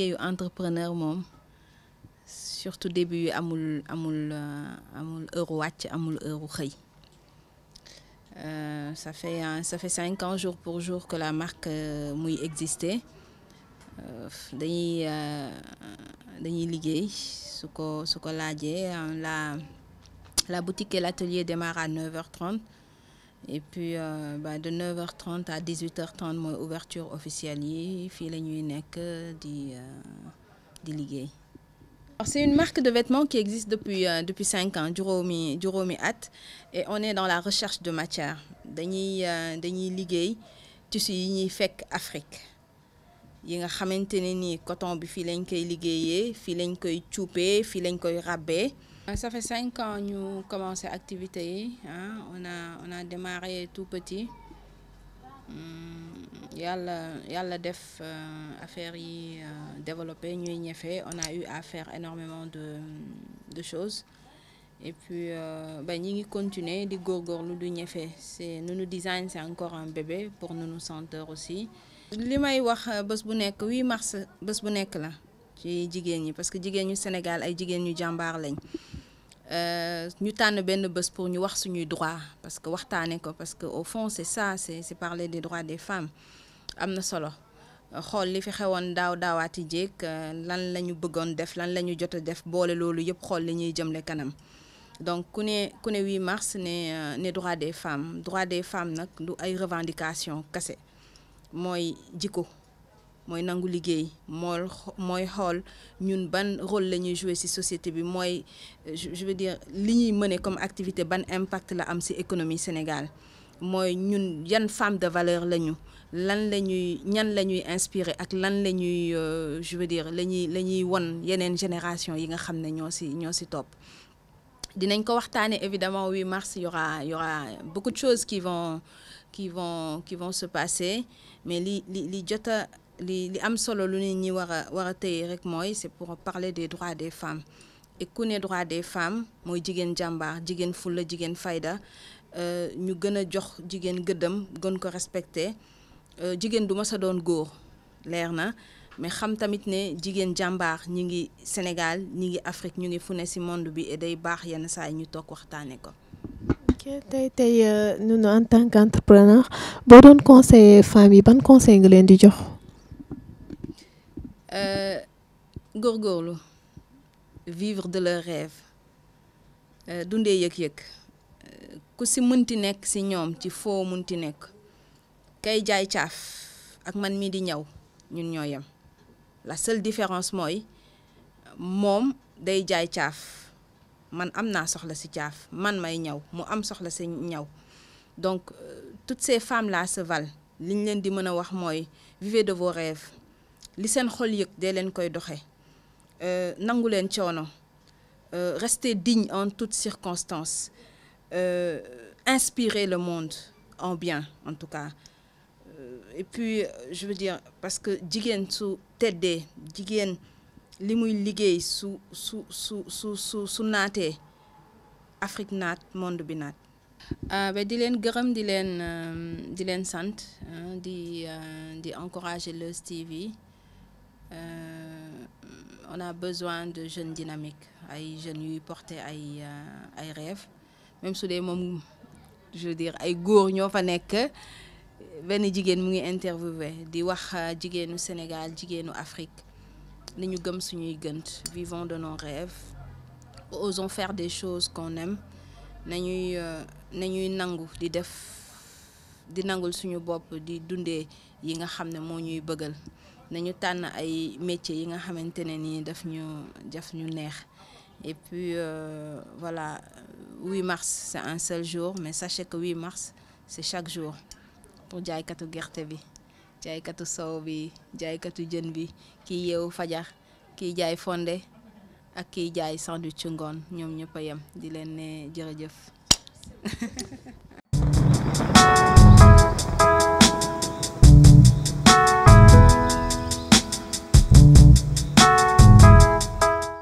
liggéeyu entrepreneur moom surtout début yu amul amul euh, amul heure wàcc amul heure xëy euh, ça fait ça fait cinq ans pour jours que la marque euh, muy exister dañuy dañuy liggéey su ko su ko laajee la la boutique et l'atelier démarre à 9 h et puis euh, de 9h30 à 18h30 mooy ouverture officielle yi fii la ñuy nekk di euh, liggéey. c'est une marque de vêtements qui existe depuis euh, depuis cinq ans juróomi juróomi at et on est dans la recherche de matière dañuy dañuy liggéey tissu yi ñuy fekk Afrique yi nga xamante ne nii coton bi fii lañ koy liggéeyee fii lañ koy cuupee fii lañ koy ràbbee. Euh, ça fait cinq ans ñu commencé activité yi ah on a on a démarré tout petit hmm, yàlla yàlla def euh, affaire yi euh, développé ñuy ñefe on a eu à faire énormément de de et puis ba ñi ngi continuer di góorgóorlu du ñefe c'est Nunu Design c'est encore un bébé pour Nunu Senteur aussi. li may wax bés bu nekk 8 mars bés bu nekk la ci jigéen ñi parce que jigéen ñu Sénégal ay jigéen ñu jàmbaar lañ. Euh, ñu tànn benn bés pour ñu wax suñuy droit parce que waxtaane ko parce que au fond c'est ça c'est c'est parler des droits des femmes am na solo xool li fi xewoon daaw daawaati jéeg euh, lan la ñu bëggoon def lan la ñu jot def boole loolu yëpp xool li ñuy jëmle kanam donc ku ne ku ne 8 mars ne euh, ne droit des femmes droit des femmes nag du ay revendication kese mooy jikko mooy nangu liggéey mooy xool ñun ban rôle la ñuy jouer ci société bi mooy je veux dire li ñuy mëne comme activité ban impact la am ci économie Sénégal mooy ñun yan femme de valeur la ñu lan la ñuy ñan la ñuy inspirer ak lan lañuy ñuy euh, je veux dire la ñuy la ñuy won yeneen génération yi nga xam ne ñoo ci ñoo ci topp dinañ ko waxtaanee évidemment mars y aura beaucoup de choses qui vont qui vont se passer mais li li li jota li li am solo lu ne ñi war a war a téye rek mooy c'est pour parler des droits des femmes et ku ne droit des femmes mooy jigéen jàmbaar jigéen fulla jigéen fayda euh, ñu gën a jox jigéen gëddam gën ko respecté euh, jigéen du ma sa doon góor leer na mais xam tamit ne jigéen jàmbaar ñu ngi Sénégal ñi ngi Afrique ñu ngi fu ne ci monde bi et day baax yenn saa yi ñu toog waxtaane ko ok tey tey euh, nunu en tant qu'entrepreneur boo doon conseiller femmes yi ban conseil nga leen di jox Euh, góorgóorlu vivre de leur rêve euh, dundee yëg-yëg euh, ku si mënti nekk si ñoom ci foo mënti nekk kay jaay caaf ak man mii di ñaw ñun ñoo yem la seule différence mooy moom day jaay caaf man am naa soxla si caaf man may ñaw mu am soxla si ñaw donc toutes ces femmes la se liñ leen di mën a wax mooy vivez de vos rêves li seen xol yëg de leen koy doxee euh, nangu leen coono euh, reste digne en toutes circonstances euh, inspirer le monde en bien en tout cas et puis je parce que jigéen su teddee jigéen li muy liggéey su su su su su su naatee Afrique naat monde bi naat ba di leen gërëm di leen di leen sant di di encourager Leuz TV Euh, on a besoin de jeunes dynamiques ay jeunes yuy porter ay euh, ay rêves même su dee moom je veux dire ay góor ñoo fa nekk benn jigéen mu ngi interviewé di wax euh, jigéenu Sénégal jigéenu Afrique ni ñu gëm suñuy gënt vivons de nos rêves osons faire des choses qu'on aime nañuy nañuy nangu di def. di nangul suñu bopp di dundee yi nga xam ne moo ñuy bëggal nañu tànn ay métiers yi nga xamante ne nii daf ñu daf ñu neex et puis euh, voilà 8 mars c'est un seul jour mais sachez que 8 mars c'est chaque jour pour jaaykatu gerte bi jaaykatu sow bi jaaykatu jën bi kiy yeewu fajar kiy jaay fonde ak kiy jaay sandwich ci ngoon ñoom ñëpp a yem di leen ne jërëjëf